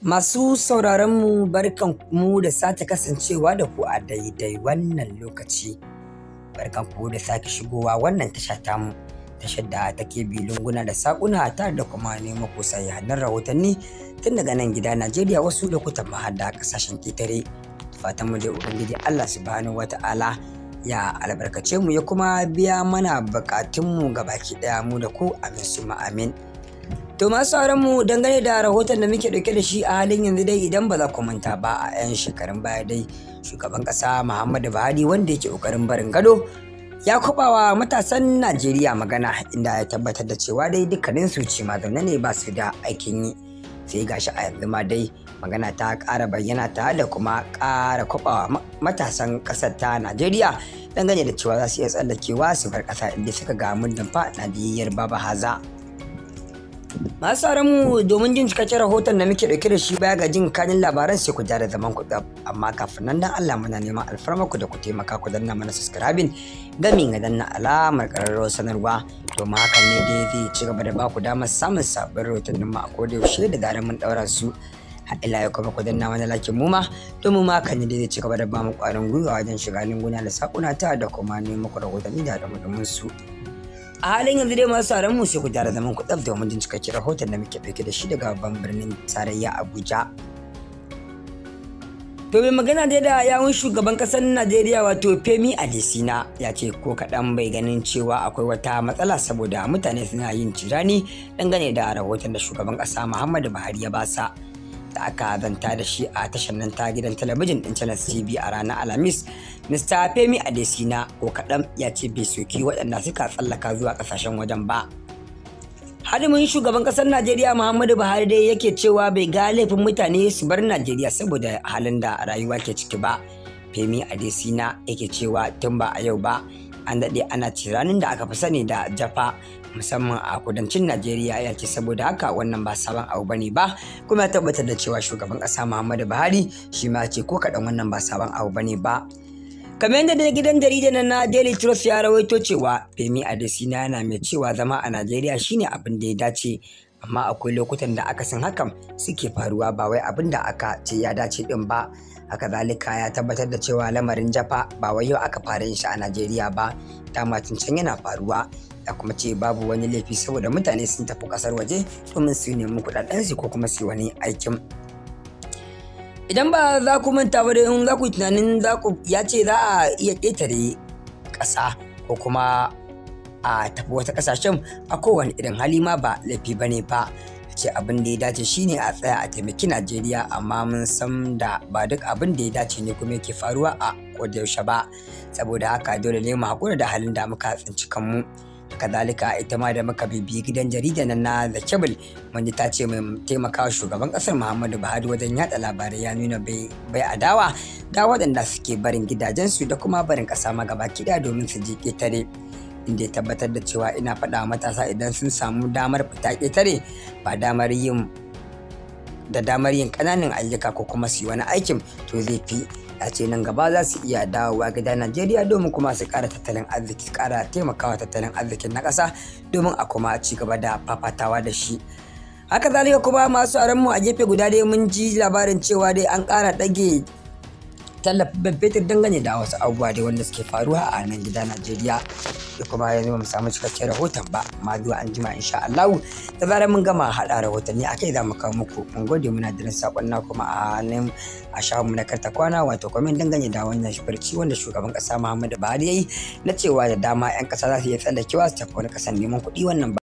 Masu sauraronmu barkan mu da sake kasancewa da ku a daidai wannan lokaci. Barkan ku da sake shigowa wannan tasha tamu, tashar da take lunguna da sakuna tare da kuma nemo ku hannun rahotanni tun daga nan gida Najeriya wasu lokutan ma kasashen ƙetare. Fatan mu dai Ubangiji Allah subhanahu wa ta'ala ya albarkace mu ya kuma biya mana bukatunmu ki ɗaya mu da ku amin su amin. To masu mu dangane da rahoton da muke dauke da shi a halin yanzu dai idan ba za ku manta ba a 'yan shekarun baya dai shugaban ƙasa Muhammadu Buhari wanda yake kokarin barin gado ya kubawa matasan Najeriya magana inda ya tabbatar da cewa dai dukkanin su ce ma zaune ne ba su da aikin yi sai gashi a yanzu ma dai magana ta ƙara bayyana ta da kuma ƙara kubawa matasan ƙasar ta Najeriya dangane da cewa za su iya tsallakewa su bar ƙasa inda suka ga muddin fa Najeriyar Baba Haza. masu mu domin jin cikakken rahoton da muke dauke da shi baya ga jin kanin labaran sai ku da zaman ku amma kafin nan dan Allah muna neman alfarma ku da ku taimaka ku danna mana subscribing gami ga danna alamar ƙararrawar sanarwa To ma hakan ne dai zai ci gaba da ba ku damar samun sabbin rahotannin mu a yaushe da zarar mun daura su ila ya kuma ku danna wani lakin mu ma to mu ma kan da zai ci gaba da ba mu kwarin gwiwa wajen shiga lunguna da sakuna ta da kuma neman ku rahotanni da da su. a halin yanzu dai masu tsaron mu sai ku dara zaman ku tsaf domin jin cikakken rahoton da muke fake da shi daga babban birnin tarayya abuja to magana dai da yawun shugaban kasar najeriya wato femi adesina ya ce ko kaɗan bai ganin cewa akwai wata matsala saboda mutane suna yin jirani dangane da rahoton da shugaban ƙasa muhammadu buhari ya basa da aka zanta da shi a tashar nan ta gidan talabijin din channel tv a ranar alhamis mr femi adesina ko kaɗan ya ce bai soki waɗanda suka tsallaka zuwa ƙasashen wajen ba hadimin shugaban ƙasar najeriya muhammadu buhari dai yake cewa bai ga laifin mutane su bar najeriya saboda halin da rayuwa ke ciki ba femi adesina yake cewa tun ba a yau ba an daɗe ana ce ranar da aka fi sani da jafa musamman a kudancin Najeriya ya ce saboda haka wannan ba sabon abu bane ba kuma ya tabbatar da cewa shugaban ƙasa Muhammadu Buhari shi ma ce ko kaɗan wannan ba sabon abu bane ba. kamar yadda da gidan jaridar na daily trust ya rawaito cewa femi adesina yana mai cewa zama a najeriya shine abin da ya dace amma akwai lokutan da aka san hakan suke faruwa ba wai abin da aka ce ya dace din ba haka zalika ya tabbatar da cewa lamarin jafa ba wai yau aka fara yin shi a najeriya ba dama can yana faruwa da kuma ce babu wani laifi saboda mutane sun tafi kasar waje domin su nemi su ko kuma su wani aikin idan ba za ku manta ba in za ku tunanin za ku ya ce za a iya ƙetare ƙasa ko kuma a tafi wata ƙasashen a kowane irin hali ma ba laifi ba ne ba ce abin da ya dace shi ne a tsaya a taimaki Najeriya amma mun san da ba duk abin da ya dace ne kuma yake faruwa a kodayaushe ba saboda haka dole ne mu haƙura da halin da muka tsinci kanmu. kadalika ita ma da muka bibiyi gidan jarida nan na The Cable wanda ta ce mai taimaka shugaban kasar Muhammadu Buhari wajen yada labarai ya nuna bai adawa da waɗanda suke barin gidajensu da kuma barin ƙasa ma gaba kiɗa domin su je ƙetare. inda ya tabbatar da cewa ina faɗa matasa idan sun samu damar fita ƙetare ba damar yin da damar yin ƙananan ayyuka ko kuma su yi wani aikin to zai fi a ce nan gaba za su iya dawowa gida najeriya domin kuma su kara tattalin arziki kara taimakawa tattalin arzikin na ƙasa domin a kuma ci gaba da fafatawa da shi haka zalika kuma masu mu a gefe guda dai mun ji labarin cewa dai an kara ɗage tallafin fetur dangane da wasu abubuwa dai wanda suke faruwa a nan gida Najeriya da kuma yanzu mu samu cikakken rahoton ba amma zuwa an jima insha Allah da zarar mun gama hada rahotanni akai za mu kawo muku mun gode muna da sakon na kuma a nan a shawo mu na karta kwana wato comment dangane da wannan shirki wanda shugaban kasa Muhammadu Buhari yayi na cewa da dama yan kasa za su iya tsallakewa su tafi wani kasan neman kuɗi wannan